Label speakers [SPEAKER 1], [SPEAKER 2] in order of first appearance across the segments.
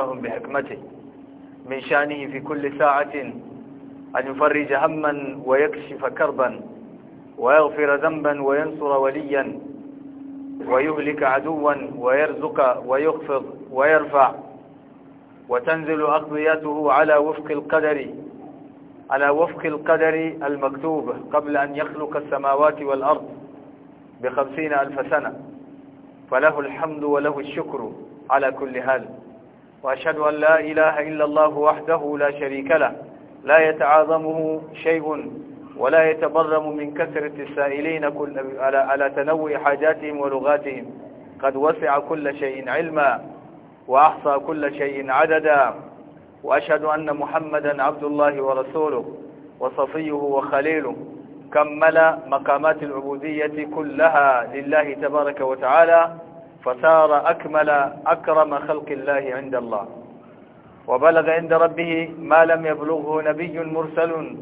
[SPEAKER 1] أمرهم بحكمته من شأنه في كل ساعة أن يفرج هما ويكشف كربا ويغفر ذنبا وينصر وليا ويهلك عدوا ويرزق ويخفض ويرفع وتنزل أقضيته على وفق القدر على وفق القدر المكتوب قبل أن يخلق السماوات والأرض بخمسين ألف سنة فله الحمد وله الشكر على كل حال وأشهد أن لا إله إلا الله وحده لا شريك له لا يتعاظمه شيء ولا يتبرم من كثرة السائلين كل على تنوع حاجاتهم ولغاتهم قد وسع كل شيء علما وأحصى كل شيء عددا وأشهد أن محمدا عبد الله ورسوله وصفيه وخليله كمل مقامات العبودية كلها لله تبارك وتعالى فصار أكمل أكرم خلق الله عند الله وبلغ عند ربه ما لم يبلغه نبي مرسل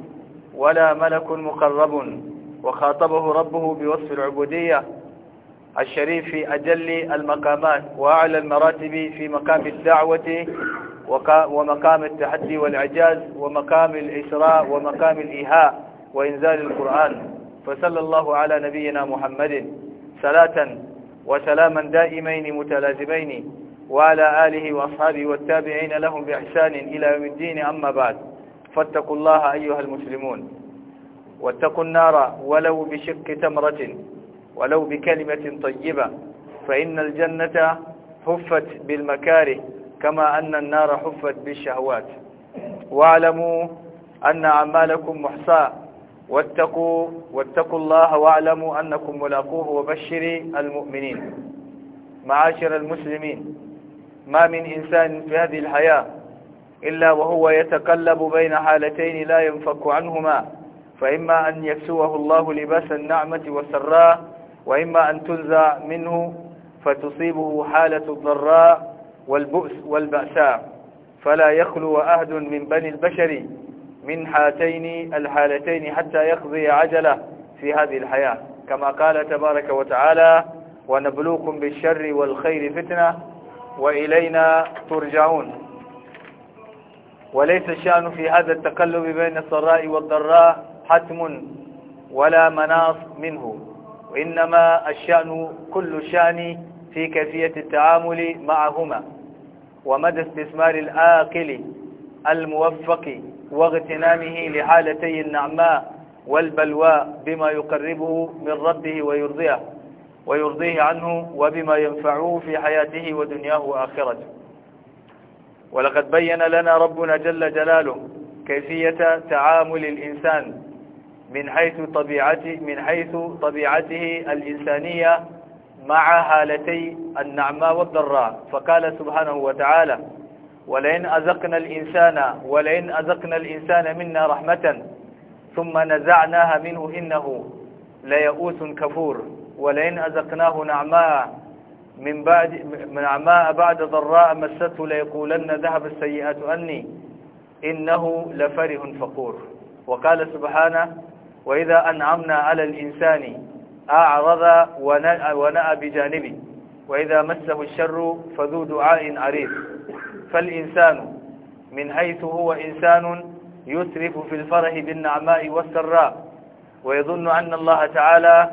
[SPEAKER 1] ولا ملك مقرب وخاطبه ربه بوصف العبودية الشريف في أجل المقامات وأعلى المراتب في مقام الدعوة ومقام التحدي والعجاز ومقام الإسراء ومقام الإيهاء وإنزال القرآن فصلى الله على نبينا محمد صلاة وسلاما دائمين متلازمين وعلى آله وأصحابه والتابعين لهم بإحسان إلى يوم الدين أما بعد فاتقوا الله أيها المسلمون واتقوا النار ولو بشق تمرة ولو بكلمة طيبة فإن الجنة حفت بالمكاره كما أن النار حفت بالشهوات واعلموا أن أعمالكم محصاة واتقوا واتقوا الله واعلموا أنكم ملاقوه وبشر المؤمنين معاشر المسلمين ما من إنسان في هذه الحياة إلا وهو يتقلب بين حالتين لا ينفك عنهما فإما أن يكسوه الله لباس النعمة والسراء وإما أن تنزع منه فتصيبه حالة الضراء والبؤس والبأساء فلا يخلو احد من بني البشر من هاتين الحالتين حتى يقضي عجله في هذه الحياة كما قال تبارك وتعالى ونبلوكم بالشر والخير فتنة وإلينا ترجعون وليس الشأن في هذا التقلب بين السراء والضراء حتم ولا مناص منه وإنما الشأن كل الشأن في كيفية التعامل معهما ومدى استثمار الآقل الموفق واغتنامه لحالتي النعماء والبلواء بما يقربه من ربه ويرضيه ويرضيه عنه وبما ينفعه في حياته ودنياه وآخرته ولقد بين لنا ربنا جل جلاله كيفية تعامل الإنسان من حيث طبيعته من حيث طبيعته الإنسانية مع حالتي النعماء والضراء فقال سبحانه وتعالى ولئن أذقنا الإنسان ولئن أذقنا الإنسان منا رحمة ثم نزعناها منه إنه ليئوس كفور ولئن أذقناه نعماء من بعد نعماء بعد ضراء مسته ليقولن ذهب السيئات أني إنه لفره فقور وقال سبحانه وإذا أنعمنا على الإنسان أعرض ونأى بجانبه وإذا مسه الشر فذو دعاء عريض فالإنسان من حيث هو إنسان يسرف في الفرح بالنعماء والسراء ويظن أن الله تعالى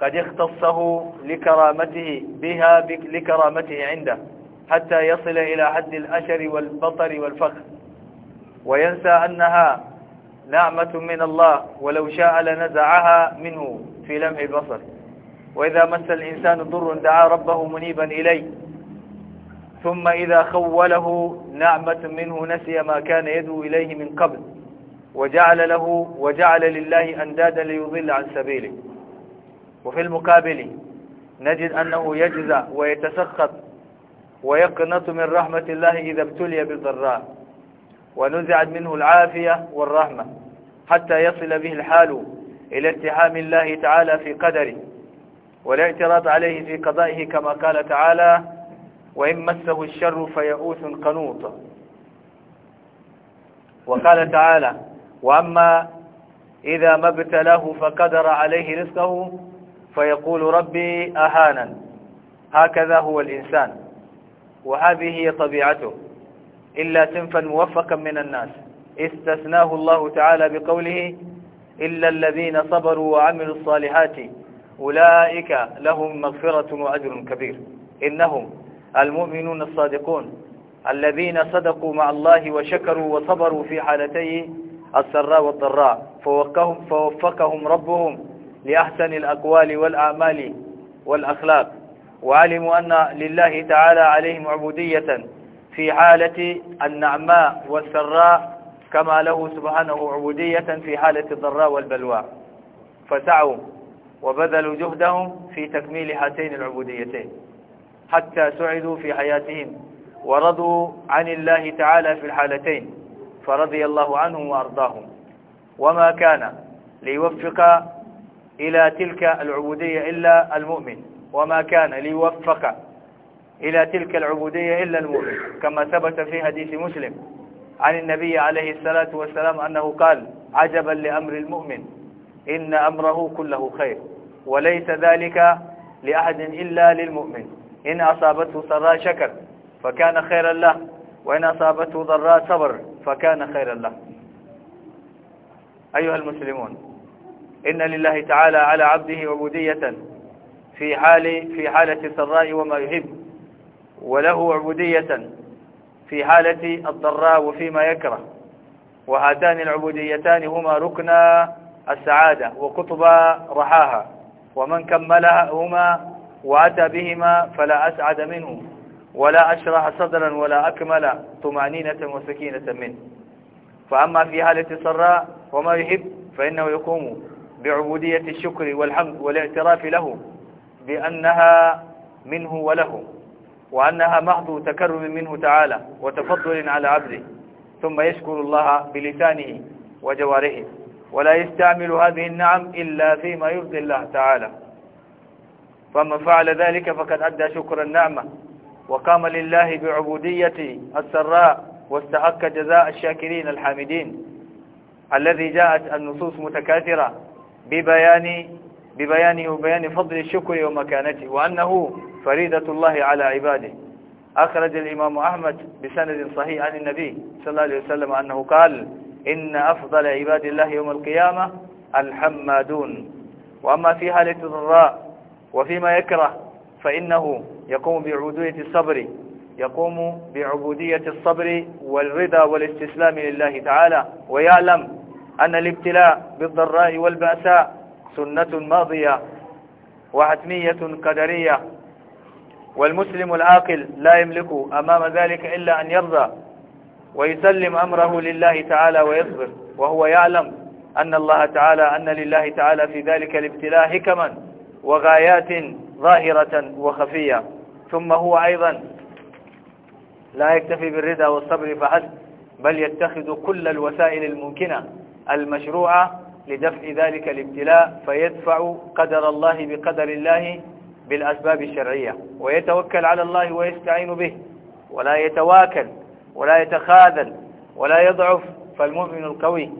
[SPEAKER 1] قد اختصه لكرامته بها بك لكرامته عنده حتى يصل إلى حد الأشر والبطر والفخر وينسى أنها نعمة من الله ولو شاء لنزعها منه في لمح البصر وإذا مس الإنسان ضر دعا ربه منيبا إليه ثم إذا خوله نعمة منه نسي ما كان يدعو إليه من قبل وجعل له وجعل لله أندادا ليضل عن سبيله وفي المقابل نجد أنه يجزع ويتسخط ويقنط من رحمة الله إذا ابتلي بالضراء ونزعت منه العافية والرحمة حتى يصل به الحال إلى اتحام الله تعالى في قدره والاعتراض عليه في قضائه كما قال تعالى وإن مسه الشر فيئوس قنوط وقال تعالى وأما إذا ما ابتلاه فقدر عليه رزقه فيقول ربي أهانا هكذا هو الإنسان وهذه هي طبيعته إلا سنفا موفقا من الناس استثناه الله تعالى بقوله إلا الذين صبروا وعملوا الصالحات أولئك لهم مغفرة وأجر كبير إنهم المؤمنون الصادقون الذين صدقوا مع الله وشكروا وصبروا في حالتي السراء والضراء فوقهم فوفقهم ربهم لأحسن الأقوال والأعمال والأخلاق وعلموا أن لله تعالى عليهم عبودية في حالة النعماء والسراء كما له سبحانه عبودية في حالة الضراء والبلوى فسعوا وبذلوا جهدهم في تكميل هاتين العبوديتين حتى سعدوا في حياتهم ورضوا عن الله تعالى في الحالتين فرضي الله عنهم وأرضاهم وما كان ليوفق إلى تلك العبودية إلا المؤمن وما كان ليوفق إلى تلك العبودية إلا المؤمن كما ثبت في حديث مسلم عن النبي عليه الصلاة والسلام أنه قال عجبا لأمر المؤمن إن أمره كله خير وليس ذلك لأحد إلا للمؤمن إن أصابته سراء شكر فكان خيرا له وإن أصابته ضراء صبر فكان خيرا له أيها المسلمون إن لله تعالى على عبده عبودية في حال في حالة السراء وما يحب وله عبودية في حالة الضراء وفيما يكره وهاتان العبوديتان هما ركنا السعادة وقطب رحاها ومن كملهما وأتى بهما فلا أسعد منه ولا أشرح صدرا ولا أكمل طمأنينة وسكينة منه فأما في حالة السراء وما يحب فإنه يقوم بعبودية الشكر والحمد والاعتراف له بأنها منه وله وأنها محض تكرم منه تعالى وتفضل على عبده ثم يشكر الله بلسانه وجوارحه ولا يستعمل هذه النعم إلا فيما يرضي الله تعالى فمن فعل ذلك فقد أدى شكر النعمة وقام لله بعبودية السراء واستحق جزاء الشاكرين الحامدين الذي جاءت النصوص متكاثرة ببيان ببيانه وبيان فضل الشكر ومكانته وأنه فريدة الله على عباده أخرج الإمام أحمد بسند صحيح عن النبي صلى الله عليه وسلم أنه قال إن أفضل عباد الله يوم القيامة الحمادون وأما في حالة الضراء وفيما يكره فإنه يقوم بعبودية الصبر يقوم بعبودية الصبر والرضا والاستسلام لله تعالى ويعلم أن الابتلاء بالضراء والبأساء سنة ماضية وحتمية قدرية والمسلم العاقل لا يملك أمام ذلك إلا أن يرضى ويسلم أمره لله تعالى ويصبر وهو يعلم أن الله تعالى أن لله تعالى في ذلك الابتلاء حكما وغايات ظاهرة وخفية ثم هو أيضا لا يكتفي بالرضا والصبر فحسب بل يتخذ كل الوسائل الممكنة المشروعة لدفع ذلك الابتلاء فيدفع قدر الله بقدر الله بالأسباب الشرعية ويتوكل على الله ويستعين به ولا يتواكل ولا يتخاذل ولا يضعف فالمؤمن القوي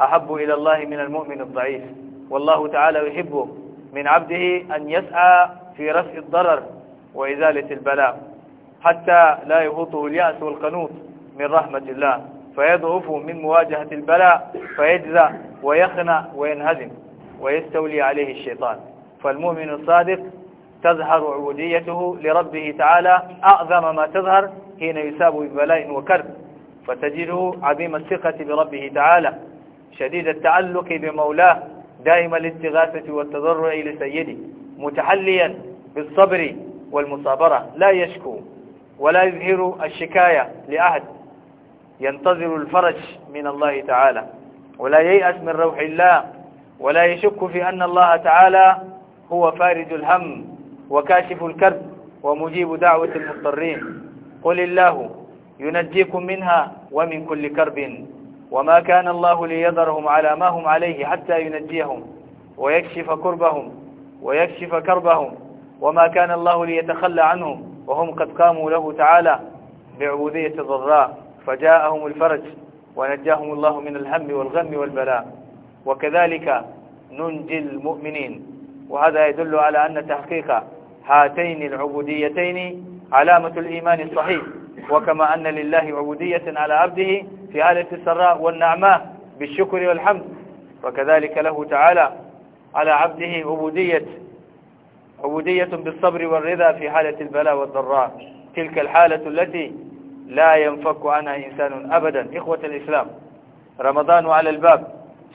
[SPEAKER 1] أحب إلى الله من المؤمن الضعيف والله تعالى يحبه من عبده أن يسعى في رفع الضرر وإزالة البلاء حتى لا يهوطه اليأس والقنوط من رحمة الله فيضعف من مواجهة البلاء فيجزع ويخنع وينهزم ويستولي عليه الشيطان فالمؤمن الصادق تظهر عبوديته لربه تعالى أعظم ما تظهر حين يساب ببلاء وكرب فتجده عظيم الثقة بربه تعالى شديد التعلق بمولاه دائم الاستغاثة والتضرع لسيده متحليا بالصبر والمصابرة لا يشكو ولا يظهر الشكاية لأحد ينتظر الفرج من الله تعالى ولا ييأس من روح الله ولا يشك في أن الله تعالى هو فارج الهم وكاشف الكرب ومجيب دعوة المضطرين قل الله ينجيكم منها ومن كل كرب وما كان الله ليذرهم على ما هم عليه حتى ينجيهم ويكشف كربهم ويكشف كربهم وما كان الله ليتخلى عنهم وهم قد قاموا له تعالى بعبودية الضراء فجاءهم الفرج ونجاهم الله من الهم والغم والبلاء وكذلك ننجي المؤمنين وهذا يدل على أن تحقيق هاتين العبوديتين علامة الإيمان الصحيح وكما أن لله عبودية على عبده في حالة السراء والنعماء بالشكر والحمد وكذلك له تعالى على عبده عبودية عبودية بالصبر والرضا في حالة البلاء والضراء تلك الحالة التي لا ينفك عنها إنسان أبدا إخوة الإسلام رمضان على الباب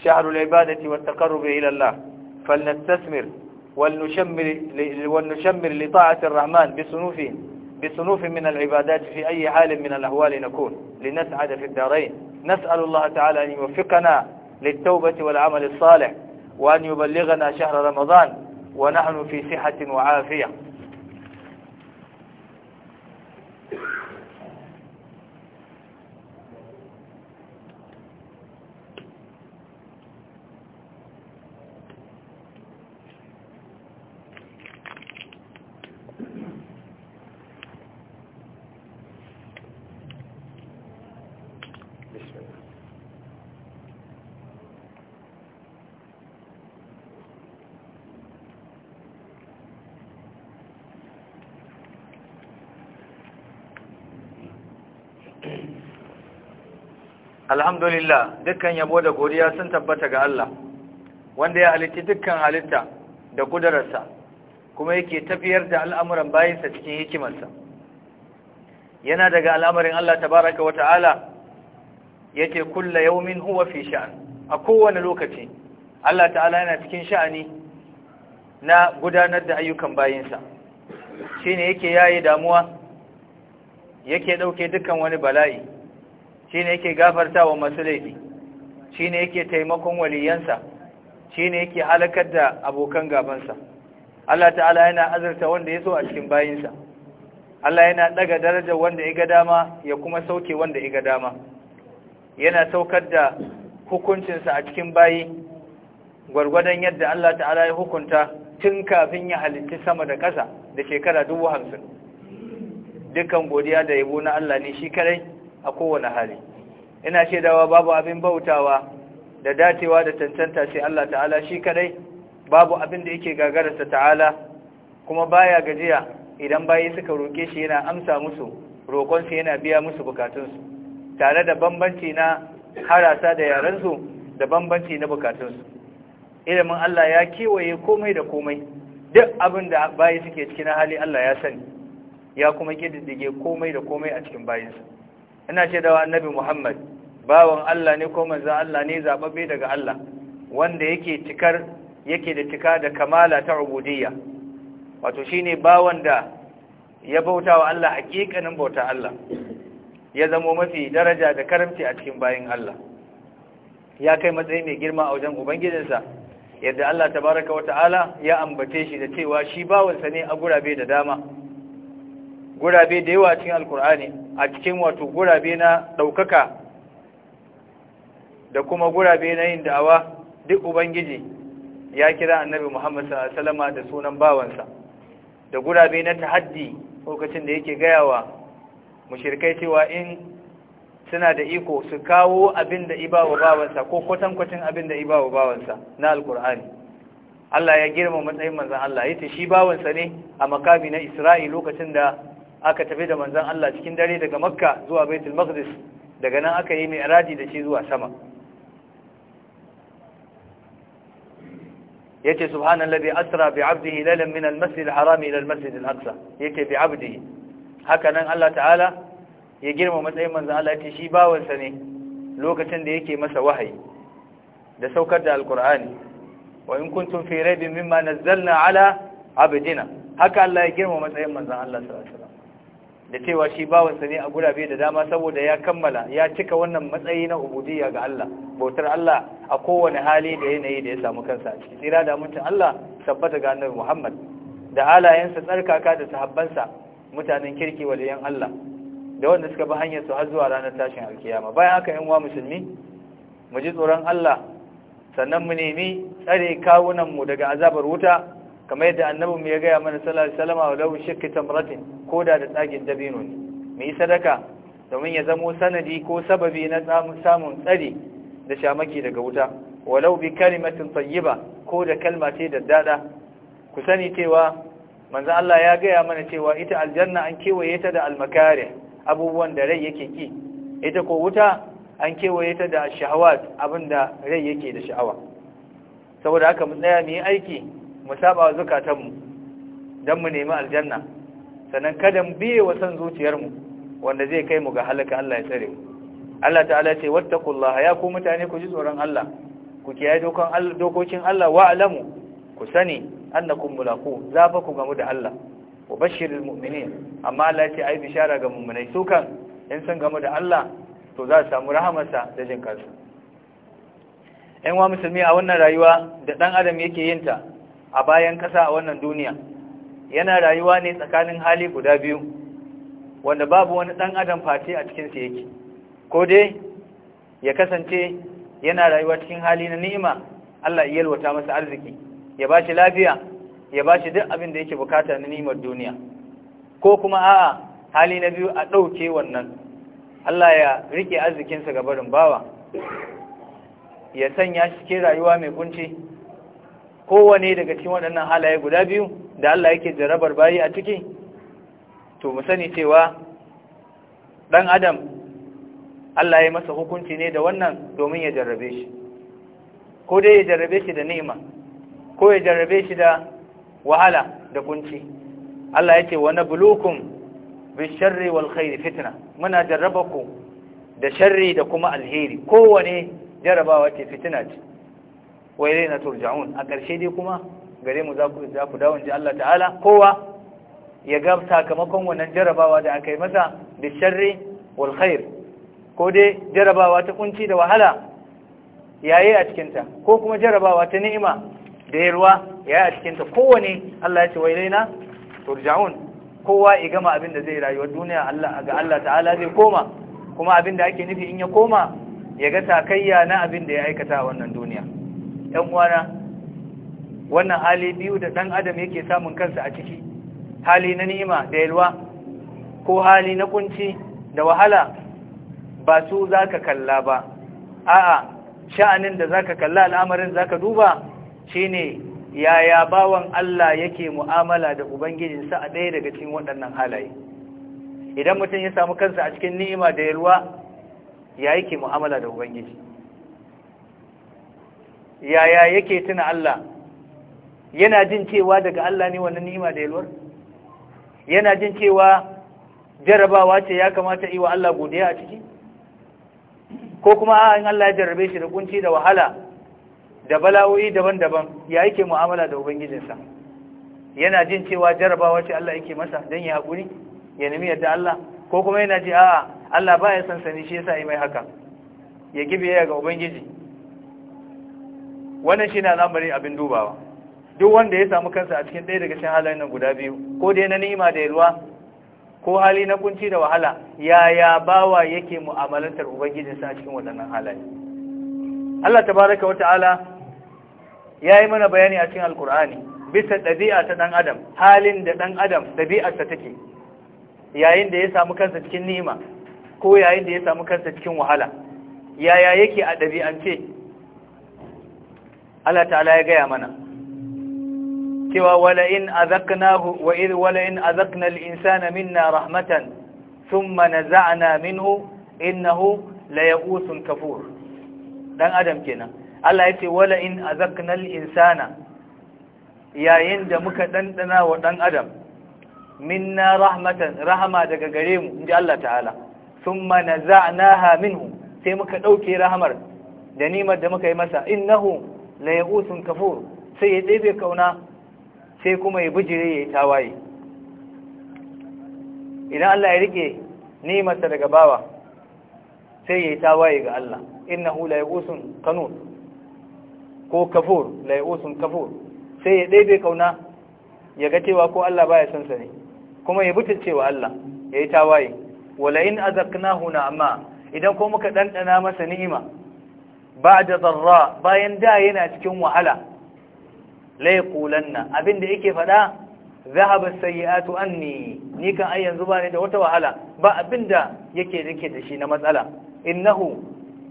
[SPEAKER 1] شهر العبادة والتقرب إلى الله فلنستثمر ولنشمر, ولنشمر لطاعة الرحمن بصنوفه بصنوف من العبادات في أي حال من الأهوال نكون لنسعد في الدارين نسأل الله تعالى أن يوفقنا للتوبة والعمل الصالح وأن يبلغنا شهر رمضان ونحن في صحة وعافية alhamdulillah dukkan yabo da godiya sun tabbata ga Allah wanda ya halitta dukkan halitta da kudararsa kuma yake tafiyar da al'amuran bayansa cikin hikimarsa yana daga al'amarin Allah tabaraka ta'ala yake kulla yawmin huwa fi sha'an a kowane lokaci Allah ta'ala yana cikin sha'ani na gudanar da ayyukan bayinsa shine yake yaye damuwa yake ɗauke dukkan wani bala'i Shi ne yake gafarta wa masu laifi Shi ne yake taimakon waliyansa ne yake halakar da abokan gabansa Allah ta'ala yana azurta wanda ya so a cikin bayinsa Allah yana daga darajar wanda ya ga dama ya kuma sauke wanda ya ga dama yana saukar da hukuncinsa a cikin bayi gwargwadon yadda Allah ta'ala ya hukunta tun kafin ya halitta sama da ƙasa da shekara dubu hamsin dukkan godiya da yabo na Allah ne shi kadai a kowane hali ina shaidawa babu abin bautawa da dacewa da tantanta sai Allah ta'ala shi kadai babu abin da yake gagararsa ta'ala kuma baya gajiya idan bayi suka roke shi yana amsa musu roƙonsu yana biya musu bukatunsu tare da bambanci na harasa da yarensu da bambanci na bukatunsu ilimin Allah ya kewaye komai da komai duk abin da bayi suke cikin hali Allah ya sani ya kuma kididdige komai da komai a cikin bayinsa ina ce da annabi Muhammad bawan Allah ne ko manzon Allah ne zababbe daga Allah wanda yake tikar yake da cika da kamala ta ubudiyya wato shine bawan da ya bautawa Allah hakikanin bauta Allah ya zama mafi daraja da karamci a cikin bayin Allah ya kai matsayi mai girma a wajen ubangijinsa yadda Allah tabaraka wata'ala ya ambace shi da cewa shi bawansa ne a gurabe da dama gurabe da yawa cikin alkur'ani a cikin wato gurabe na ɗaukaka da kuma gurabe na yin da'awa duk ubangiji ya kira annabi muhammad salama da sunan bawansa da gurabe na tahaddi lokacin da yake gayawa mushirkai cewa in suna da iko su kawo abin da ibawa bawansa ko kwatankwacin abin da ibawa bawansa na alkur'ani Allah ya girma matsayin manzan Allah ya ce shi bawansa ne a makami na Isra'i lokacin da aka tafi da manzan Allah cikin dare daga makka zuwa baitul maqdis daga nan aka yi mi'raji da shi zuwa sama yace subhanallazi asra bi 'abdihi laylan min al-masjid al ila al-masjid al-aqsa yace bi 'abdihi haka nan Allah ta'ala ya girma matsayin manzan Allah yace shi bawansa ne lokacin da yake masa wahayi da saukar da alqur'ani wa in kuntum fi raibin mimma nazzalna ala 'abdina haka Allah ya girma matsayin manzan Allah sallallahu alaihi wasallam da cewa shi bawansa ne a gurabe da dama saboda ya kammala ya cika wannan matsayi na ubudiyya ga Allah bautar Allah a kowane hali da yanayi da ya samu kansa a tsira da mutum Allah tabbata ga annabi Muhammad da alayensa tsarkaka da sahabbansa mutanen kirki waliyan Allah da wanda suka bi hanyar su har zuwa ranar tashin alkiyama bayan haka yan uwa musulmi mu ji tsoron Allah sannan mu nemi tsare kawunan mu daga azabar wuta kamar yadda annabin mu ya gaya mana sallallahu alaihi wasallam wa lahu shakki tamratin koda da tsagin dabino ne mu sadaka domin ya zamo sanadi ko sababi na samun tsari da shamaki daga wuta walau bi kalimatin tayyiba ko da kalma ce da dada ku sani cewa manzo Allah ya gaya mana cewa ita aljanna an kewaye ta da almakare abubuwan da rai yake ki ita ko wuta an kewaye ta da shahawat abinda rai yake da sha'awa saboda haka mu tsaya mu yi aiki mu saba zukatanmu don mu nemi aljanna sannan kada mu biye wa san zuciyarmu wanda zai kai mu ga halaka Allah ya tsare mu Allah ta'ala ce wattaqullaha ya ku mutane ku ji tsoron Allah ku kiyaye dokokin Allah dokokin Allah wa alamu ku sani annakum mulaku za ku gamu da Allah wa bashiril mu'minin amma Allah ce ai bishara ga mu'minai su kan in sun gamu da Allah to za su samu rahamarsa da jin kansu ‘yan wa musulmi a wannan rayuwa da ɗan adam yake yin ta. a bayan ƙasa a wannan duniya yana rayuwa ne tsakanin hali guda biyu wanda babu wani ɗan adam face a cikinsu yake ko dai ya kasance yana rayuwa cikin hali na ni'ima Allah ya yalwata masa arziki ya ba shi lafiya ya ba shi duk abin da yake bukata na ni'imar duniya ko kuma a'a hali na biyu a ɗauke wannan Allah ya rike arzikinsa ga barin bawa ya sanya shi cikin rayuwa mai kunci kowane daga cikin waɗannan halaye guda biyu da Allah yake jarabar bayi a ciki to mu sani cewa ɗan adam Allah ya masa hukunci ne da wannan domin ya jarrabe shi ko dai ya jarrabe shi da ni'ima ko ya jarrabe shi da wahala da kunci Allah ya ce wa nabluukum bisharri wal khair fitna muna jarrabaku da sharri da kuma alheri kowane jarrabawa ce fitina ce wa ilaina turja'un a ƙarshe dai kuma gare mu za ku za ku dawo inji Allah ta'ala kowa ya ga sakamakon wannan jarabawa da aka yi masa da sharri wal khair ko dai jarabawa ta kunci da wahala yayi a cikin ta ko kuma jarabawa ta ni'ima da yarwa yayi a cikin ta kowane Allah ya ce wa ilaina turja'un kowa ya gama abin da zai rayuwa duniya Allah ga Allah ta'ala zai koma kuma abin da ake nufi in ya koma ya ga takayya na abin da ya aikata a wannan duniya ɗan uwana wannan hali biyu da ɗan adam yake samun kansa a ciki hali na ni'ima da yalwa ko hali na kunci da wahala ba su za ka kalla ba a'a sha'anin da za ka kalla al'amarin za ka duba ne yaya bawan Allah yake mu'amala da Ubangijinsa a ɗaya daga cikin waɗannan halaye idan mutum ya samu kansa a cikin ni'ima da yalwa ya yake mu'amala da Ubangiji yaya yake tuna Allah yana jin cewa daga Allah ne wannan ni'ima da yalwar yana jin cewa jarabawa ce ya kamata yi wa Allah godiya a ciki ko kuma a in Allah ya jarrabe shi da kunci da wahala da bala'o'i daban-daban ya yake mu'amala da ubangijinsa yana jin cewa jarabawa ce Allah yake masa don ya haƙuri ya nemi yadda Allah ko kuma yana ji a'a Allah ba ya sansani shi yasa yi mai haka ya gibe ya ga ubangiji wannan shi ne al'amari abin dubawa duk wanda ya samu kansa a cikin ɗaya daga cikin halayen nan guda biyu ko dai na ni'ima da yalwa ko hali na kunci da wahala yaya bawa yake mu'amalantar ubangijinsa a cikin waɗannan halaye Allah tabaraka wa ta'ala yi mana bayani a cikin alkur'ani bisa ɗabi'a ta ɗan adam halin da ɗan adam ɗabi'arsa take yayin da ya samu kansa cikin ni'ima ko yayin da ya samu kansa cikin wahala yaya yake a ɗabi'ance Allah ta'ala ya gaya mana cewa wala in azaknahu wa wala in azakna al-insana minna rahmatan thumma naza'na minhu innahu kafur dan adam kenan Allah wala in azakna al-insana yayin da muka dandana wa dan adam minna rahmatan rahama daga gare mu inji Allah ta'ala thumma naza'naha minhu sai muka dauke rahamar da nimar da muka yi masa innahu la ya'usun kafur sai ya ɗebe kauna sai kuma ya bijire ya yi tawaye idan Allah ya rike nimarsa daga bawa sai ya yi tawaye ga Allah hu la ya'usun kanun ko kafur la ya'usun kafur sai ya ɗebe kauna ya ga cewa ko Allah ya son sa ne kuma ya cewa Allah ya yi tawaye wala in na amma idan ko muka ɗanɗana masa ni'ima Ba da zarra. bayan da yana cikin wahala la abin abinda yake fada zahaba sayyi'atu anni ni kan ai yanzu ne da wata wahala ba abinda yake rike da shi na matsala innahu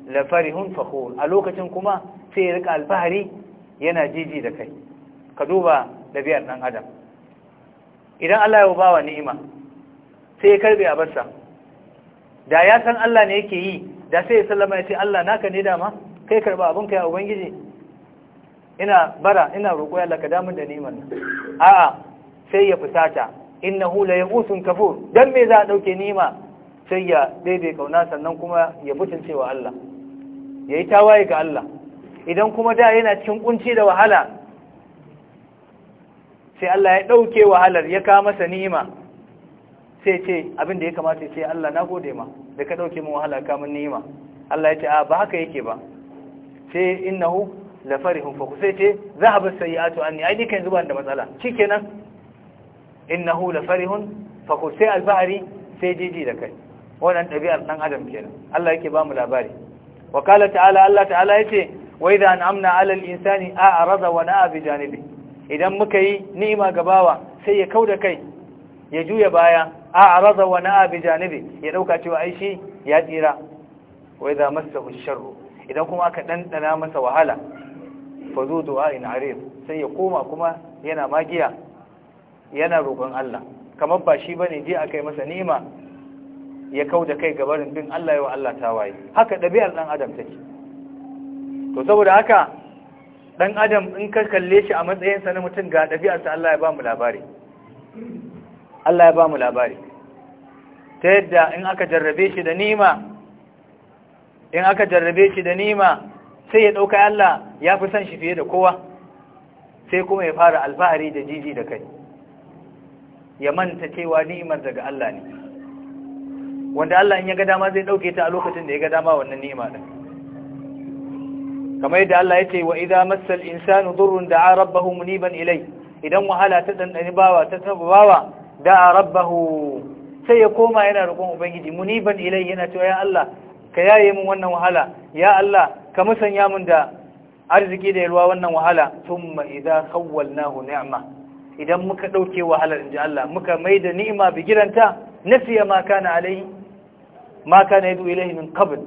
[SPEAKER 1] la farihun a lokacin kuma sai rika alfahari yana jiji da kai ka duba da biyar ɗan adam idan Allah ya bawa ni'ima sai ya karbe a barsa da ya san Allah ne yake yi da sai ya sallama ya ce Allah naka ne dama kai karba abin ka ya ubangiji ina bara ina roƙo ya laka damun da neman a'a sai ya fusata innahu la ya'usun kafur dan me za a dauke nima sai ya daidai kauna sannan kuma ya mutunce wa Allah yayi tawaye ga Allah idan kuma da yana cikin kunci da wahala sai Allah ya dauke wahalar ya ka masa nima sai ce abin da ya kamata sai Allah na gode ma da ka dauke min wahala ka min nima Allah ya ce a ba haka yake ba sai innahu la farihun fa sai ce zahaba sayi'atu anni ai dukan zuban da matsala shikenan innahu la farihun fa sai alfahari sai jiji da kai wannan ɗabi'ar ɗan adam kenan Allah yake ba mu labari wa kala ta'ala Allah ta'ala ya yace wa idza an'amna 'ala a a a'rada wa na'a bi janibi idan muka yi ni'ima ga bawa sai ya kauda kai ya juya baya a a a'rada wa na'a bi janibi ya dauka cewa ai shi ya tsira wa idza massahu sharru idan kuma aka ɗanɗana masa wahala fa zo du'a in arif sai ya koma kuma yana magiya yana roƙon Allah kamar ba shi bane je aka yi masa nima ya kau da kai gabarin bin Allah yawa Allah ta waye. haka ɗabi'ar ɗan adam take to saboda haka ɗan adam in ka kalle shi a matsayinsa na mutum ga sa Allah ya ba mu labari Allah ya ba mu labari ta yadda in aka jarrabe shi da nima in aka jarrabe shi da nima sai ya ɗauka Allah ya fi son shi fiye da kowa sai kuma ya fara alfahari da jiji da kai ya manta cewa ni'imar daga Allah ne wanda Allah in ya ga dama zai ɗauke ta a lokacin da ya ga dama wannan ni'ima ɗin kamar yadda Allah ya ce wa idan masal insanu durrun da'a rabbahu muniban ilai idan wahala ta dandani bawa ta bawa da'a rabbahu sai ya koma yana roƙon ubangiji muniban ilai yana cewa ya Allah ka yaye mun wannan wahala ya Allah ka musanya mun da arziki da yalwa wannan wahala thumma idza khawwalnahu ni'ma idan muka dauke wahalar inji Allah muka maida ni'ima bigiranta nasiya ma kana alai ma kana yadu ilayhi min qabl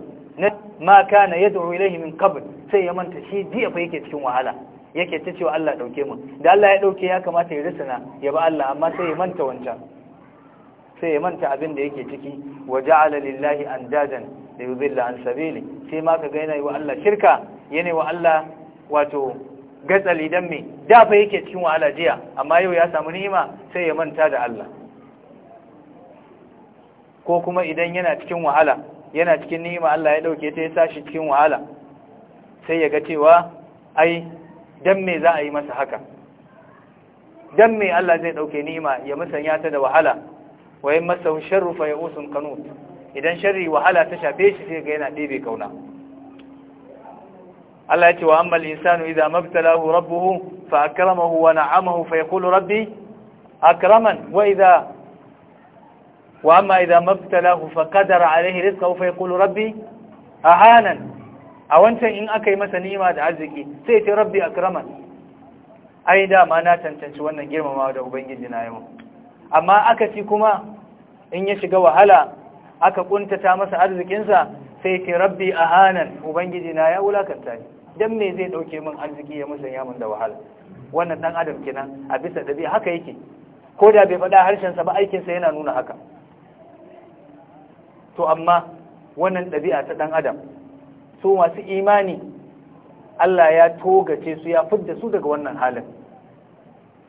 [SPEAKER 1] ma kana yad'u ilayhi min qabl sai ya manta shi jiya fa yake cikin wahala yake ta cewa Allah dauke mu da Allah ya dauke ya kamata ya risana ya ba Allah amma sai ya manta wancan sai ya manta abin da yake ciki wa ja'ala lillahi andadan da an sabili sai ma ka ga wa Allah shirka yana wa Allah wato gatsali dan me da fa yake cikin wahala jiya amma yau ya samu ni'ima sai ya manta da Allah ko kuma idan yana cikin wahala yana cikin ni'ima Allah ya dauke ta ya sashi cikin wahala sai ya ga cewa ai dan me za a yi masa haka dan me Allah zai dauke ni'ima ya musanya ta da wahala wa masa sharru fa usun kanut. idan sharri wahala ta shafe shi sai ga yana ɗebe kauna Allah ya ce wa ammal insanu idza mabtalahu rabbuhu fa akramahu wa na'amahu fa yaqulu rabbi akraman wa idza wa amma idza mabtalahu fa qadara alayhi rizqahu fa yaqulu rabbi ahanan a wancan in aka yi masa ni'ima da arziki sai ce rabbi akraman ai da ma na tantance wannan girmamawa da ubangiji na yau amma aka ci kuma in ya shiga wahala aka kuntata masa arzikinsa sai ke rabbi ahanan ubangiji na ya wulakanta ni dan me zai dauke min arziki ya musanya min da wahala wannan dan adam kenan a bisa dabi haka yake ko da bai faɗa harshensa ba aikinsa yana nuna haka to amma wannan ɗabi'a ta ɗan adam su masu imani Allah ya togace su ya fidda su daga wannan halin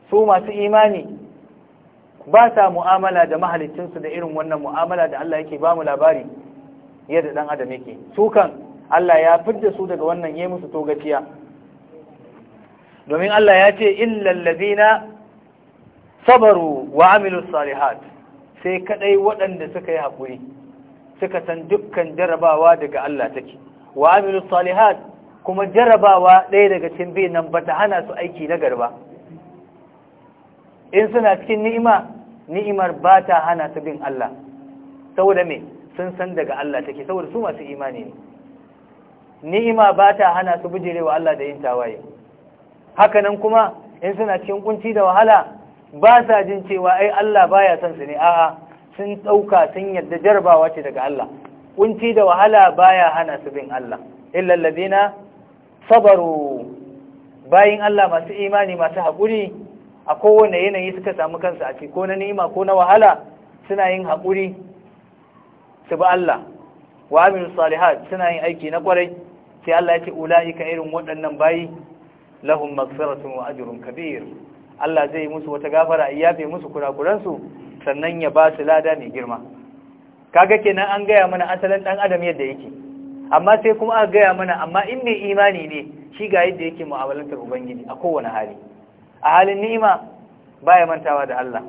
[SPEAKER 1] su masu imani ba sa mu'amala da mahalicinsu da irin wannan mu'amala da Allah yake ba mu labari yadda dan adam yake su kan Allah ya fidda su daga wannan yayi musu togaciya domin Allah ya ce lallabi na sabaru wa amilu salihat sai kadai waɗanda suka yi haƙuri, suka san dukkan jarabawa daga Allah take wa amilu salihat kuma jarabawa ɗaya daga cin bi nan ba ta hana su aiki na garba in suna cikin ni'ima ni'imar ba ta hana su bin Allah saboda me sun san daga Allah take saboda su masu imani ne ni'ima ba ta hana su wa Allah da yin tawaye hakanan kuma in suna cikin kunci da wahala ba sa jin cewa ai Allah baya son su ne a'a sun ɗauka sun yadda jarbawa ce daga Allah kunci da wahala baya hana su bin Allah illa alladhina sabaru bayin Allah masu imani masu haƙuri a kowane yanayi suka samu kansu a ko na nima ko na wahala suna yin haƙuri su bi Allah wa amilus salihat suna yin aiki na kwarai sai Allah ya ce ulaika irin waɗannan bayi lahum maghfiratun wa ajrun kabir Allah zai yi musu wata gafara a yafe musu kurakuran sannan ya ba su lada mai girma kaga kenan an gaya mana asalin dan adam yadda yake amma sai kuma an gaya mana amma in ne imani ne shi ga yadda yake mu'amalantar ubangiji a kowane hali a halin ni'ima baya mantawa da Allah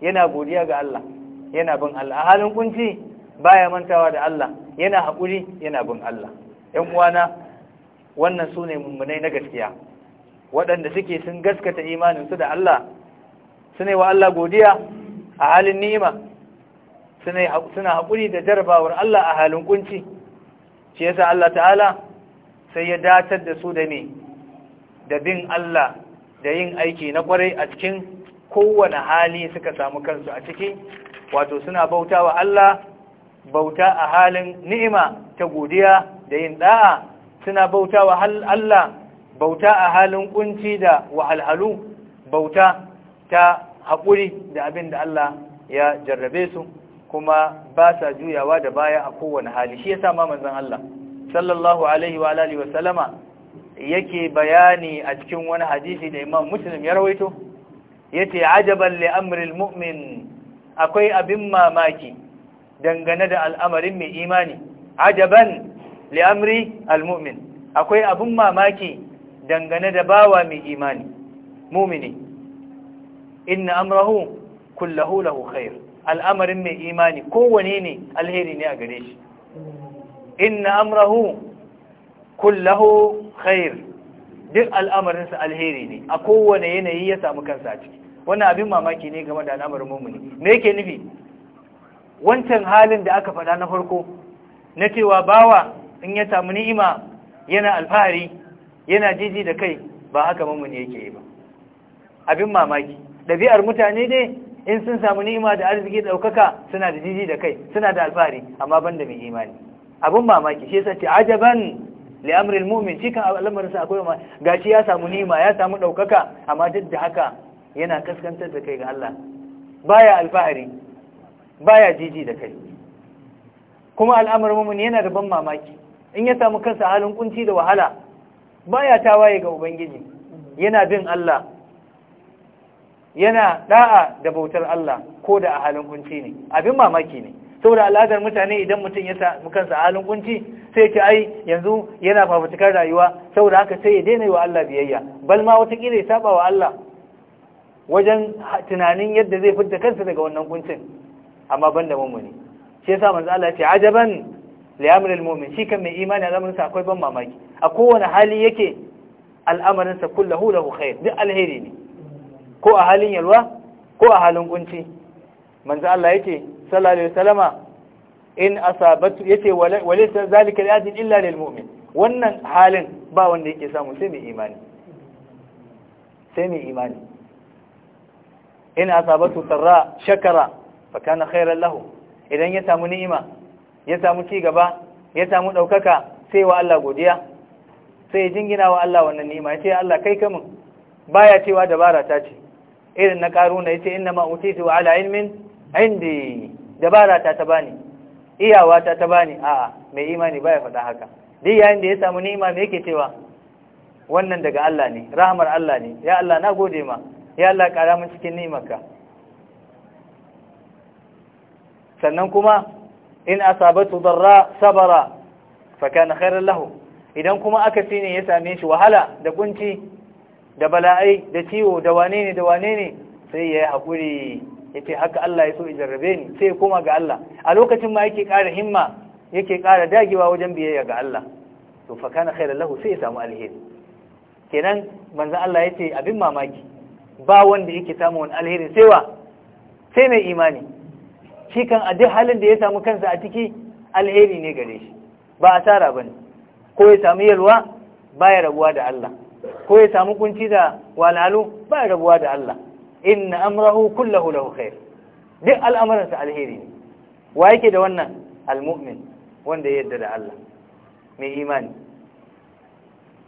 [SPEAKER 1] yana godiya ga Allah yana bin Allah a halin kunci baya mantawa da Allah yana haƙuri yana bin Allah ƴan uwana wannan sune mummunai na gaskiya waɗanda suke sun gaskata imanin su da Allah sune wa Allah godiya a halin ni'ima suna haƙuri da jarabawar Allah a halin kunci shi yasa Allah ta'ala sai ya datar da su da ne da bin Allah da yin aiki na kwarai a cikin kowane hali suka samu kansu a ciki wato suna bauta wa Allah bauta a halin ni'ima ta godiya da yin da'a suna bauta wa Allah bauta a halin kunci da wahalhalu bauta ta haƙuri da abin da Allah ya jarrabe su kuma ba sa juyawa da baya a kowane hali shi ya sa manzon Allah sallallahu alaihi wa alihi wa sallama yake bayani a cikin wani hadisi da imam muslim ya rawaito Ya ce li amril mu'min akwai abin mamaki dangane da al'amarin mai imani ajaban li amri almu'min akwai abin mamaki dangane da bawa mai imani mumini inna amrahu kullahu lahu khair al'amarin mai imani kowane ne alheri ne a gare shi inna amrahu kullahu khair duk al'amarinsa alheri ne a kowane yanayi ya samu kansa a ciki wannan abin mamaki ne game da al'amarin mummuni me yake nufi wancan halin da aka faɗa na farko na cewa bawa in ya samu ni'ima yana alfahari yana jiji da kai ba haka mummuni yake yi ba abin mamaki ɗabi'ar mutane ne, in sun samu ni'ima da arziki ɗaukaka suna da jiji da kai suna da alfahari amma ban da mai imani abin mamaki shi yasa ce ajaban li'amril mu'min shi kan al'amarin sa akwai ma gashi ya samu nima ya samu ɗaukaka amma duk da haka yana kaskantar da kai ga Allah baya alfahari baya jiji da kai kuma al'amarin mu'min yana da ban mamaki in ya samu kansa halin kunci da wahala baya tawaye ga ubangiji yana bin Allah yana da'a da bautar Allah ko da a halin kunci ne abin mamaki ne saboda al'adar mutane idan mutum ya samu kansa halin kunci sai ce ai yanzu yana fafutukar rayuwa saboda haka sai ya daina yi wa Allah biyayya bal ma kila ya saba wa Allah wajen tunanin yadda zai fidda kansa daga wannan kuncin amma ban da mummuni shi yasa manzo Allah ya ce ajaban li amril mu'min shi kan mai imani zaman sa akwai ban mamaki a kowane hali yake al'amarin sa kullahu lahu khair duk alheri ne ko a halin yalwa ko a halin kunci manzo Allah yake sallallahu alaihi wasallama in asabatu yace walaysa zalika li'adin illa lil mu'min wannan halin ba wanda yake samu sai mai imani sai mai imani in asabatu sarra shakara fa kana khairan lahu idan ya samu ni'ima ya samu ci gaba ya samu daukaka sai wa Allah godiya sai jingina wa Allah wannan ni'ima yace Allah kai kamun baya cewa dabara ta ce irin na karuna yace inna ma utitu ala ilmin inda dabara ta ta bani iyawa ta ta bani a'a mai imani baya faɗa haka duk yayin da ya samu ni'ima me yake cewa wannan daga Allah ne rahmar Allah ne ya Allah na gode ma ya Allah ƙara min cikin ni'imarka sannan kuma in asabatu darra sabara fa kana khairan lahu idan kuma aka ne ya same shi wahala da kunci da bala'ai da ciwo da wane ne da wane ne sai ya yi haƙuri yace haka Allah ya so in jarrabe ni sai ya koma ga Allah a lokacin ma yake ƙara himma yake ƙara dagewa wajen biyayya ga Allah to fa kana khairan lahu sai ya samu alheri kenan manzo Allah yace abin mamaki ba wanda yake samu wani alheri sai wa sai mai imani shi kan a duk halin da ya samu kansa a ciki alheri ne gare shi ba asara bane ko ya samu yalwa baya rabuwa da Allah ko ya samu kunci da walalu baya rabuwa da Allah inna amrahu kullahu lahu khair duk al'amuransa alheri ne wa yake da wannan almu'min wanda ya yarda da Allah mai imani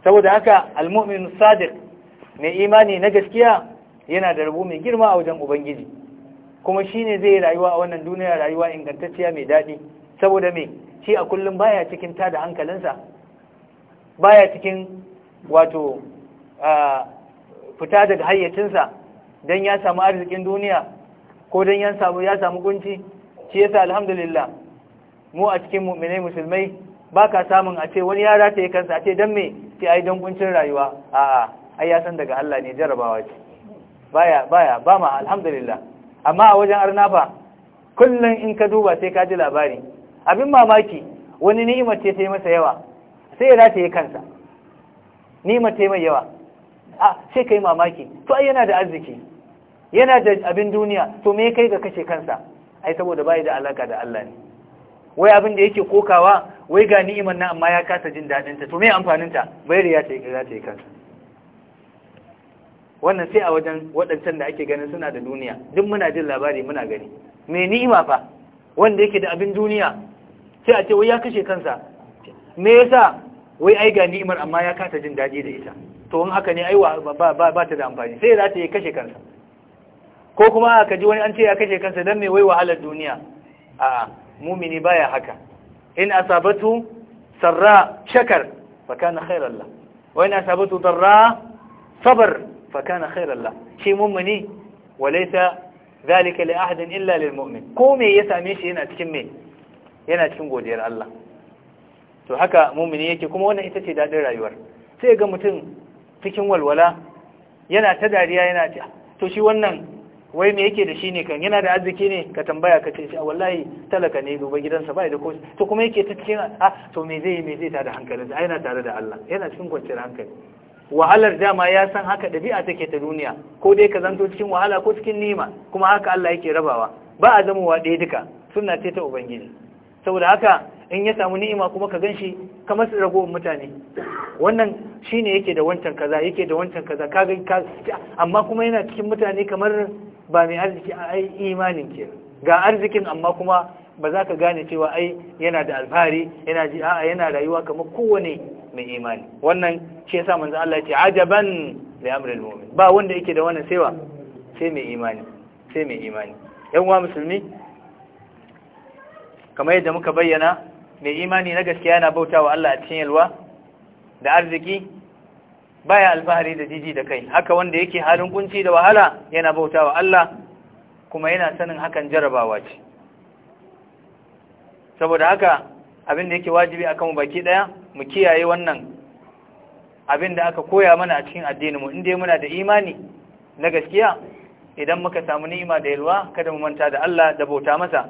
[SPEAKER 1] saboda haka almu'min sadiq mai imani na gaskiya yana da rabo mai girma a wajen ubangiji kuma shine zai rayuwa a wannan duniya rayuwa ingantacciya mai dadi saboda me shi a kullum baya cikin tada hankalinsa baya cikin wato fita daga hayyacinsa dan ya samu arzikin duniya ko dan ya samu ya samu kunci shi yasa alhamdulillah mu a cikin mu'minai musulmai baka samun a ce wani ya rataye kansa a ce dan me sai ai dan kuncin rayuwa a'a ai ya san daga Allah ne jarabawa ce baya baya ba ma alhamdulillah amma a wajen arnafa kullum in ka duba sai ka ji labari abin mamaki wani ni'imar ce ta yi masa yawa sai ya rataye kansa ni'imar ta yi mai yawa a sai ka yi mamaki to ai yana da arziki yana da abin duniya to me kai ga kashe kansa ai saboda bai da alaka da Allah ne wai abin da yake kokawa wai ga ni'imar nan amma ya kasa jin dadin ta to me amfanin ta bayar ya ce za ta yi kansa wannan sai a wajen waɗancan da ake ganin suna da duniya duk muna jin labari muna gani me ni'ima fa wanda yake da abin duniya sai a ce wai ya kashe kansa me yasa wai ai ga ni'imar amma ya kasa jin daɗi da ita to in haka ne aiwa ba ba ta da amfani sai za ta yi kashe kansa ko kuma aka ji wani an ce ya kashe kansa dan me wai wahalar duniya a'a mumini baya haka in asabatu sarra shakar faka na khairan la asabatu darra sabar faka na khairan la shi mumini walaysa zalika li ahadin illa lil mu'min ko me ya same shi yana cikin mai? yana cikin godiyar Allah to haka mumini yake kuma wannan ita ce daɗin rayuwar sai ga mutum cikin walwala yana ta dariya yana ta to shi wannan wai me yake da shi ne kan yana da arziki ne ka tambaya ka ce shi a wallahi talaka ne duba gidansa bai da kosi to kuma yake ta cikin a ah, to me zai me zai tada hankali. A yana tare da Allah yana cikin kwanciyar hankali wahalar dama ya san haka ɗabi'a take ta duniya ko dai ka zanto cikin wahala ko cikin nima kuma haka Allah yake rabawa ba a zamowa ɗaya duka sunna ce ta ubangiji saboda haka in ya samu ni'ima kuma ka ganshi kamar rago mutane wannan shine yake da wancan kaza yake da wancan kaza kaga amma kuma yana cikin mutane kamar ba mai arziki ai imanin ke ga arzikin amma kuma ba za ka gane cewa ai yana da alfahari yana ji a'a yana rayuwa kamar kowane mai imani wannan shi yasa manzo Allah ce ajaban li amril mu'min ba wanda yake da wannan saiwa sai mai imani sai mai imani ɗan uwa musulmi kamar yadda muka bayyana mai imani na gaskiya yana bautawa Allah a cikin yalwa da arziki baya alfahari da jiji da kai haka wanda yake halin kunci da wahala yana bauta wa Allah kuma yana sanin hakan jarabawa ce saboda haka abin da yake wajibi a kanmu baki ɗaya, mu kiyaye wannan abin da aka koya mana a cikin addinin mu inda muna da imani na gaskiya idan muka samu ni'ima da yalwa kada mu manta da Allah da bauta masa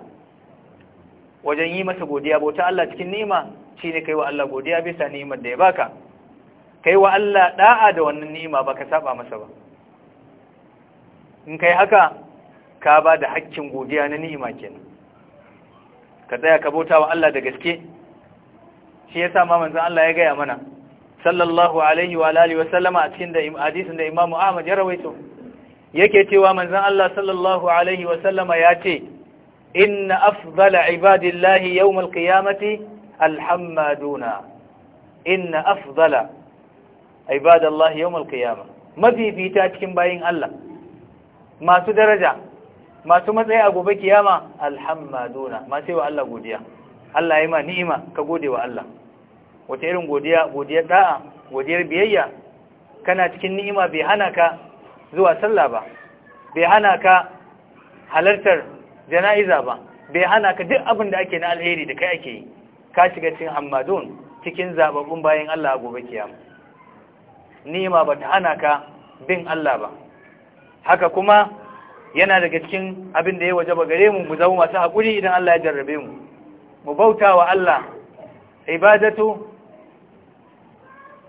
[SPEAKER 1] wajen yi masa godiya bauta Allah cikin ni'ima shine kai wa Allah godiya bisa ni'imar da ya baka kai wa Allah da'a da wannan ni'ima ba ka saba masa ba in kai haka ka ba da haƙƙin godiya na ni'ima kenan ka tsaya ka bauta wa Allah da gaske shi yasa ma manzon Allah ya gaya mana sallallahu alaihi wa alihi wa sallama a cikin da hadisin da Imam Ahmad ya rawaito yake cewa manzon Allah sallallahu alaihi wa sallama ya ce inna afdala ibadillahi yawm alqiyamati alhammaduna inna afdala ibadallahi yawmal qiyama Mafifita cikin bayin Allah masu daraja masu matsayi a gobe kiyama alhamduna masu wa Allah godiya Allah ya ma ni'ima ka gode wa Allah wata irin godiya godiyar da'a godiyar biyayya kana cikin ni'ima bai hana ka zuwa sallah ba bai hana ka halartar jana'iza ba bai hana ka duk abin da ake na alheri da kai ake yi ka shiga cikin hammadun cikin zababbun bayan Allah a gobe kiyama nema ba ta hana ka bin Allah ba haka kuma yana daga cikin abin da ya waje ba gare mu mu zama masu haƙuri idan Allah ya jarrabe mu mu bauta wa Allah ibadatu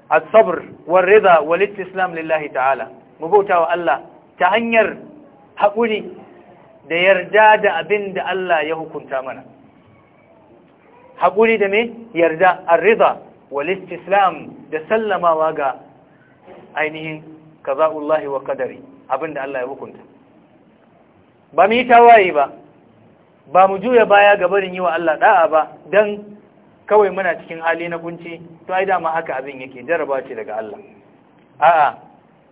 [SPEAKER 1] as-sabr war rida wal istislam lillahi ta'ala mu bauta wa Allah ta hanyar haƙuri da yarda da abin da Allah ya hukunta mana haƙuri da me yarda ar-rida wal istislam da sallamawa ga ainihin kaza'ullahi wa abin abinda Allah ya hukunta ba mu yi tawaye ba ba mu juya baya ga barin yi wa Allah da'a ba don kawai muna cikin hali na kunci to ai dama haka abin yake jaraba ce daga Allah a'a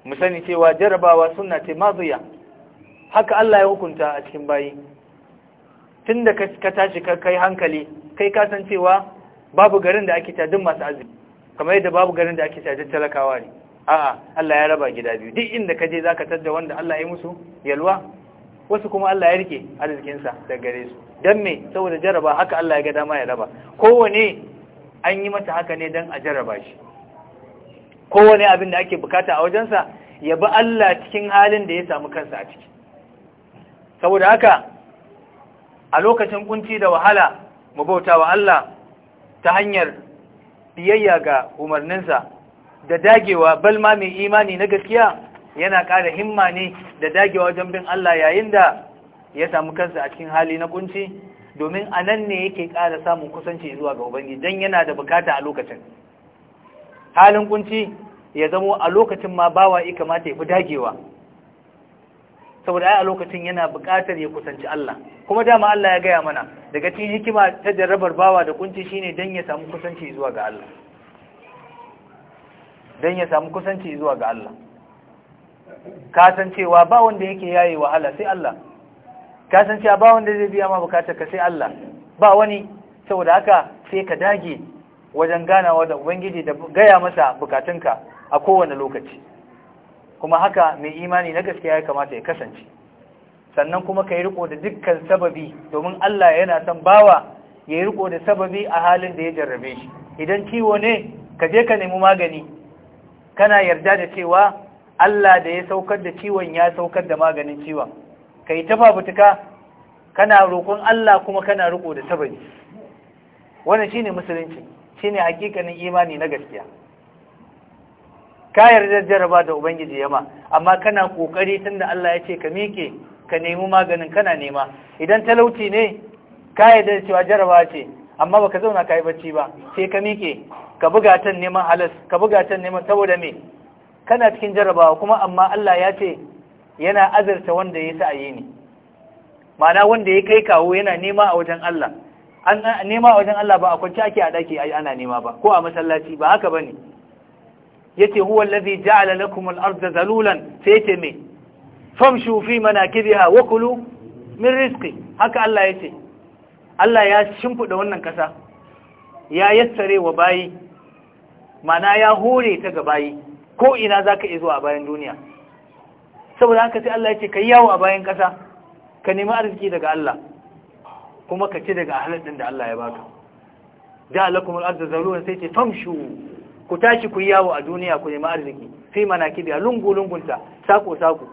[SPEAKER 1] mu sani cewa jarabawa sunna ce maziya haka Allah ya hukunta a cikin bayi tunda ka tashi ka kai hankali kai ka san cewa babu garin da ake ta duk masu azumi kamar yadda babu garin da ake ta talakawa ne a'a Allah ya raba gida biyu duk inda ka je zaka tadda wanda Allah ya musu yalwa wasu kuma Allah ya rike sa da gare su dan me saboda jaraba haka Allah ya ga dama ya raba kowane an yi mata haka ne dan a jaraba shi kowane abin da ake bukata a wajen sa ya bi Allah cikin halin da ya samu kansa a ciki saboda haka a lokacin kunci da wahala mu bauta wa Allah ta hanyar biyayya ga umarninsa da dagewa bal ma mai imani na gaskiya yana ƙara himma ne da dagewa wajen bin Allah yayin da ya samu kansa a cikin hali na kunci domin a nan ne yake ƙara samun kusanci zuwa ga Ubangiji don yana da bukata a lokacin halin kunci ya zamo a lokacin ma bawa ya kamata ya fi dagewa saboda ai a lokacin yana buƙatar ya kusanci Allah kuma dama Allah ya gaya mana daga cikin hikima ta jarrabar bawa da kunci shine dan ya samu kusanci zuwa ga Allah don ya samu kusanci zuwa ga Allah Kasancewa ba wanda yake yayi wahala sai Allah Kasancewa ba wanda zai biya ma bukatar ka sai Allah ba wani saboda haka sai ka dage wajen ganawa da ubangiji da gaya masa bukatunka a kowane lokaci kuma haka mai imani na gaskiya ya kamata ya kasance sannan kuma ka yi riko da dukkan sababi domin Allah yana son bawa ya yi riko da sababi a halin da ya jarrabe shi idan ciwo ne ka je ka nemi magani kana yarda da cewa Allah da ya saukar da ciwon ya saukar da maganin ciwon yi ta fafutuka kana roƙon Allah kuma kana riƙo da tabari wannan shine musulunci shine hakikanin imani na gaskiya ka yarda jaraba da ubangiji yama amma kana kokari tunda Allah ya ce ka miƙe ka nemi maganin kana nema idan talauci ne ka yarda cewa jaraba ce amma baka zauna ka yi bacci ba sai ka miƙe ka buga ta neman halas ka buga ta neman saboda me kana cikin jarabawa kuma amma Allah ya ce yana azarta wanda ya sa'ayi ne ma'ana wanda ya kai kawo yana nema a wajen Allah an nema a wajen Allah ba a kwanci ake a daki ai ana nema ba ko a masallaci ba haka bane yace huwa allazi ja'ala lakum al-ardha zalulan sai yace me famshu fi manakibiha wa kulu min rizqi haka Allah yace Allah ya shimfida wannan kasa ya yassare wa bayi mana ya hore ta ga bayi ko ina za ka izo a bayan duniya saboda haka sai Allah ya ce ka yi yawo a bayan ƙasa ka nemi arziki daga Allah kuma ka ci daga halar ɗin da Allah ya baka da alakumul arzu zaruwan sai ce famshu ku tashi ku yi yawo a duniya ku nemi arziki fi mana a lungu lungunta sako sako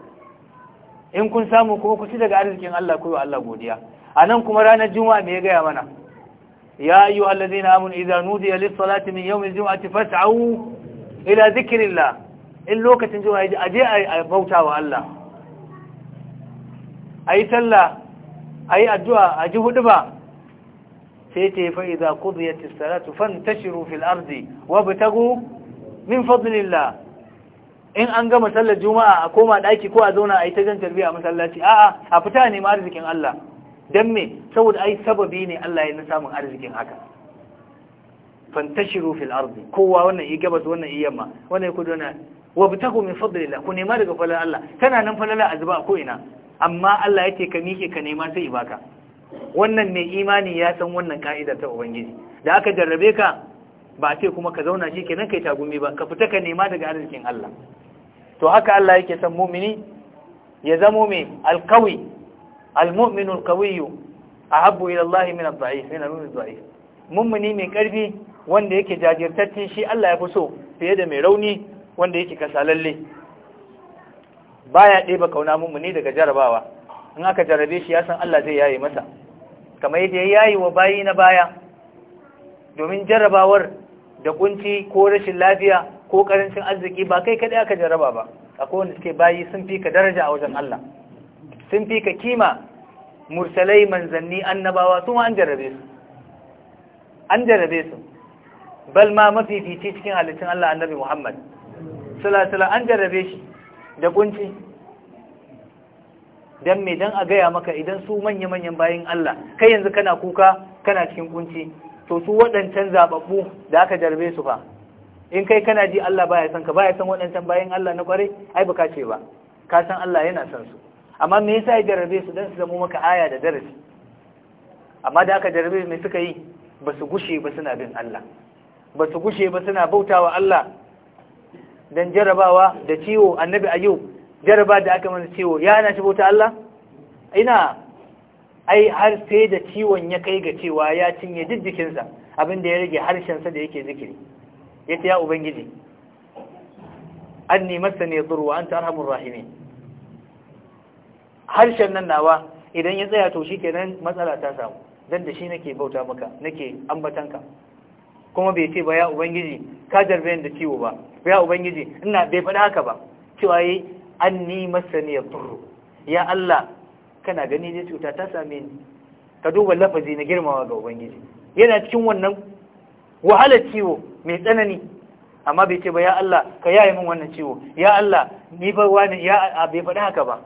[SPEAKER 1] in kun samu kuma ku ci daga arzikin Allah ku yi wa Allah godiya a nan kuma ranar juma'a me ya gaya mana يا أيها الذين آمنوا إذا نودي للصلاة من يوم الجمعة فاسعوا إلى ذكر الله إن لوكة جمعة أجاء بوتا وألا أي تلا أي أدعى أجيه دبا سيتي فإذا قضيت الصلاة فانتشروا في الأرض وابتغوا من فضل الله in an ga masallar juma'a a koma ɗaki ko a zauna a yi ta jan tarbiya a masallaci a'a a fita ne ma arzikin Allah Dan me saboda ai sababi ne Allah ya na samun arzikin haka fantashiru fil ardi kowa wannan yi gabas wannan yi yamma wannan yi kudu wa bitahu min fadlillah ku nema daga falalar Allah kana nan falalar azba ko ina amma Allah yake ka miƙe ka nema sai ibaka wannan mai imani ya san wannan ka'ida ta ubangiji da aka jarrabe ka ba ce kuma ka zauna shi kenan kai tagumi ba ka fita ka nema daga arzikin Allah to haka Allah yake san mumini ya zamo mai alkawi المؤمن القوي أحب إلى الله من الضعيف من المؤمن الضعيف mummuni mai ƙarfi wanda yake jajirtacce shi Allah ya fi so fiye da mai rauni wanda yake kasalalle baya ɗeba kauna mummuni daga jarabawa in aka jarrabe shi ya san Allah zai yaye masa kamar yadda ya yayi wa bayi na baya domin jarrabawar da ƙunci ko rashin lafiya ko ƙarancin arziki ba kai kaɗai aka jarraba ba akwai wanda suke bayi sun fi ka daraja a wajen Allah sun fi ka kima mursalai manzanni annabawa sun an jarrabe su an jarrabe su bal ma mafifici cikin halittun Allah annabi Muhammad sulasula an jarrabe shi da kunci dan me dan a gaya maka idan su manya-manyan bayin Allah kai yanzu kana kuka kana cikin kunci to su waɗancan zababbu da aka jarbe su fa in kai kana ji Allah baya san ka baya san waɗancan bayan Allah na ƙware ai ka ce ba ka san Allah yana san su amma me yasa ya jarabe su dan su zama maka aya da darasi amma da aka jarabe me suka yi ba su gushe ba suna bin Allah ba su gushe ba suna bautawa Allah dan jarabawa da ciwo annabi ayyub jaraba da aka mana ciwo ya ana shi bauta Allah ina ai har sai da ciwon ya kai ga cewa ya cinye jijjikinsa abinda ya rage harshen sa da yake zikiri ya ya ubangiji anni masani dhurru wa anta arhamur rahimin harshen nan nawa idan ya tsaya to shi kenan matsala ta samu don da shi nake bauta maka nake ambatanka kuma bai ce ba ya ubangiji ka jarbe da ciwo ba ya ubangiji ina bai faɗi haka ba cewa yi ni masani ya turu ya Allah kana gani zai cuta ta same ni ka duba lafazi na girmawa ga ubangiji yana cikin wannan wahalar ciwo mai tsanani amma bai ce ba ya Allah ka yaye min wannan ciwo ya Allah ni ba wani ya bai faɗi haka ba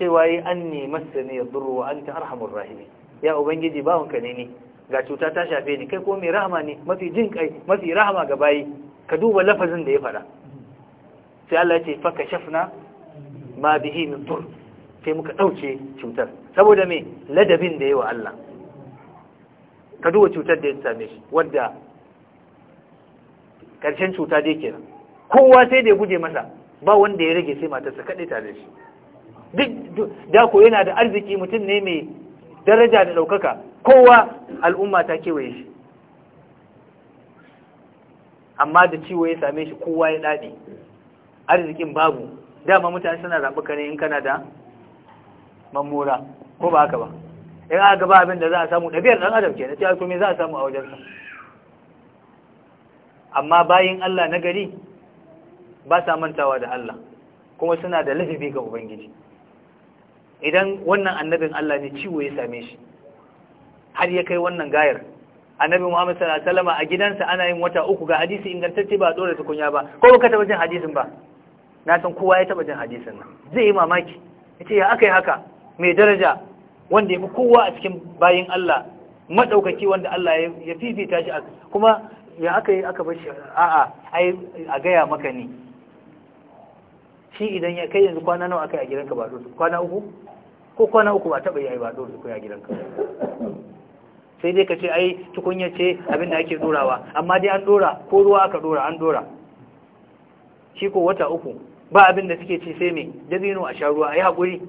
[SPEAKER 1] cewa yi an ne masa ne ya duru an ta arhamun rahimi ya ubangiji bawanka ne ne. ga cuta ta shafe ni kai ko mai rahama ne mafi jin kai mafi rahama ga bayi ka duba lafazin da ya fada sai Allah ya ce fa kashafna ma bihi min dur sai muka ɗauke cutar saboda me ladabin da yawa Allah ka duba cutar da ya same shi wadda ƙarshen cuta dai yake kowa sai da ya guje masa ba wanda ya rage sai matarsa kaɗai tare shi duk da yana da arziki mutum ne mai daraja da ɗaukaka kowa al'umma ta kewaye shi amma da ciwo ya same shi kowa ya daɗe arzikin babu dama mutane suna zaɓi ne in kana da mamura ko ba haka ba in aka gaba abin da za a samu ɗabiyar ɗan adam ke na cewa me za a samu a wajensa amma bayin Allah na gari ba sa mantawa da Allah kuma suna da lafifi ga Ubangiji idan wannan annabin Allah ne ciwo ya same shi har ya kai wannan gayar annabi Muhammad sallallahu alaihi wasallam a gidansa ana yin wata uku ga hadisi ingantacce ba dole su kunya ba ko ka taba jin hadisin ba na san kowa ya taba jin hadisin nan zai yi mamaki yace ya akai haka mai daraja wanda yafi kowa a cikin bayin Allah madaukaki wanda Allah ya fifita shi kuma ya aka yi aka bar shi a'a ai a gaya maka ne shi idan ya kai yanzu kwana nawa akai a gidanka ba dole kwana uku ko kwana uku ba taba yayi ba dole ko ya gidanka sai dai ka ce ai tukunya ce abin da ake dorawa amma dai an dora ko ruwa aka dora an dora shi ko wata uku ba abin da suke ci sai me dabino a sha ruwa ai hakuri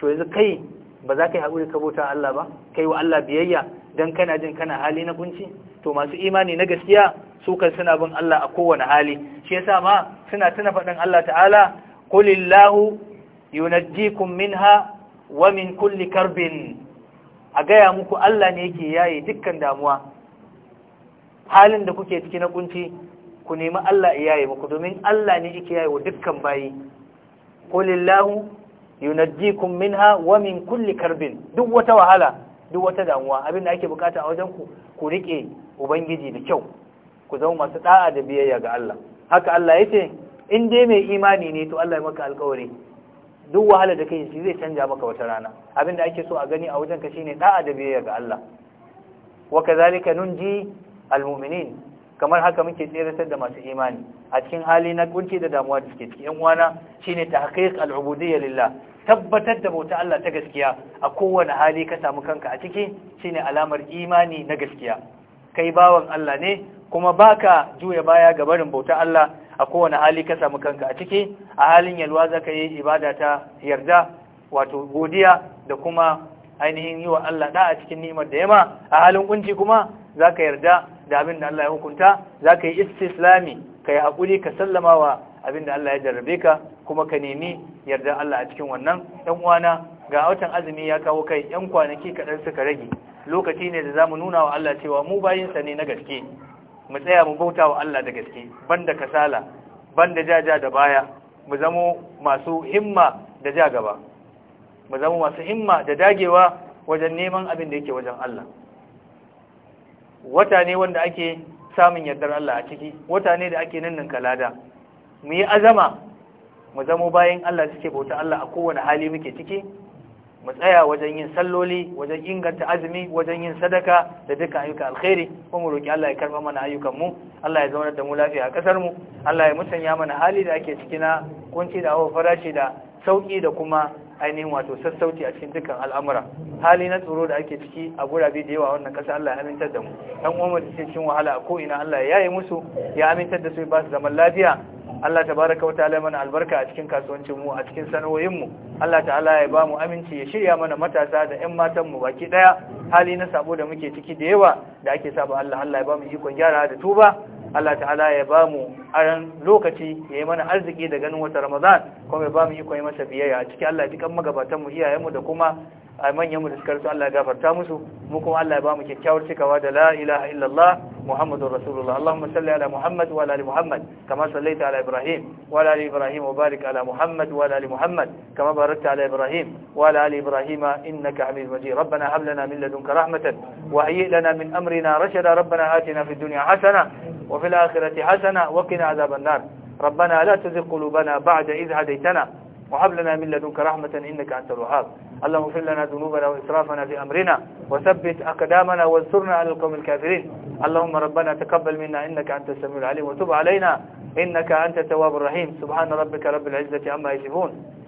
[SPEAKER 1] to yanzu kai ba za ka yi hakuri ka bauta Allah ba kai wa Allah biyayya dan kana jin kana hali na kunci to masu imani na gaskiya su kan suna bin Allah a kowane hali shi yasa ma suna tuna faɗin Allah ta'ala kulillahu yunajjikum minha wa min kulli karbin a gaya muku Allah ne yake yaye dukkan damuwa halin da kuke ciki na kunci ku nemi Allah ya yaye muku domin Allah ne yake yaye wa dukkan bayi kulillahu yunajjikum minha wa min kulli karbin duk wata wahala duk wata damuwa abin da ake bukata a wajen ku ku rike ubangiji da kyau ku zama masu da'a da biyayya ga Allah haka Allah ya ce in dai mai imani ne to Allah ya maka alƙawari duk wahala da kai shi zai canja maka wata rana abin da ake so a gani a wajen ka shine da'a da biyayya ga Allah wa kazalika nunji almu'minin kamar haka muke tseratar da masu imani a cikin hali na kunci da damuwa da suke cikin uwana shine tahqiq al ya lillah tabbatar da bauta Allah ta gaskiya a kowane hali ka samu kanka a ciki shine alamar imani na gaskiya kai bawan Allah ne kuma baka juya baya ga barin bauta Allah a kowane hali ka samu kanka a ciki a halin yalwa zaka yi ibada ta yarda wato godiya da kuma ainihin yi wa Allah da a cikin ni'imar da yama a halin kunci kuma zaka yarda da abin da Allah ya hukunta zaka yi istislami kai hakuri ka sallama wa abin da Allah ya jarrabe ka kuma ka nemi yarda Allah a cikin wannan ɗan uwana ga watan azumi ya kawo kai 'yan kwanaki kaɗan suka rage lokaci ne da za mu nuna wa Allah cewa mu bayinsa ne na gaske mu tsaya mu bauta wa Allah da gaske banda kasala banda jaja da baya mu zamo masu himma da ja gaba mu zamo masu himma da dagewa wajen neman abin da yake wajen Allah wata ne wanda ake samun yardar Allah a ciki wata ne da ake nannin kalada mu yi azama mu zamo bayan Allah suke bauta Allah a kowane hali muke ciki mu tsaya wajen yin salloli wajen inganta azumi wajen yin sadaka da dukkan ayyukan alkhairi kuma roki Allah ya karba mana ayyukan mu Allah ya zauna da mu lafiya a kasar mu Allah ya musanya mana hali da ake ciki na kunci da hawa farashi da sauki da kuma ainihin wato sassauci a cikin dukkan al'amura hali na tsoro da ake ciki a gurabe da yawa wannan ƙasa Allah ya amintar da mu dan uwan da cikin wahala a ko ina Allah ya yaye musu ya amintar da su ba su zaman lafiya Allah ta baraka wa ta'ala mana albarka a cikin kasuwancin mu a cikin sanoyin mu Allah ta'ala ya ba mu aminci ya shirya mana matasa da ƴan matan mu baki daya hali na sabo da muke ciki da yawa da ake saba Allah Allah ya ba mu ikon gyara da tuba Allah ta'ala ya ba mu aran lokaci ya yi mana arziki da ganin wata Ramadan kuma ya ba mu iko yi masa biyayya a ciki Allah ya ji magabatan mu iyayen mu da kuma a manyan mu da suka rasu Allah ya gafarta musu mu kuma Allah ya ba mu kyakkyawar cikawa da la ilaha illallah muhammadur rasulullah allahumma salli ala muhammad wa ala ali muhammad kama sallaita ala ibrahim wa ala ali ibrahim wa barik ala muhammad wa ala ali muhammad kama barakta ala ibrahim wa ala ali ibrahim innaka hamid majid rabbana hab lana min ladunka rahmatan wa hayyi lana min amrina rashada rabbana atina fid dunya hasana wa fil akhirati hasana wa qina adhaban nar ربنا لا تزغ قلوبنا بعد إذ هديتنا وهب لنا من لدنك رحمة إنك أنت الوهاب اللهم اغفر لنا ذنوبنا وإسرافنا في أمرنا وثبت أقدامنا وانصرنا على القوم الكافرين اللهم ربنا تقبل منا إنك أنت السميع العليم وتب علينا إنك أنت التواب الرحيم سبحان ربك رب العزة عما يصفون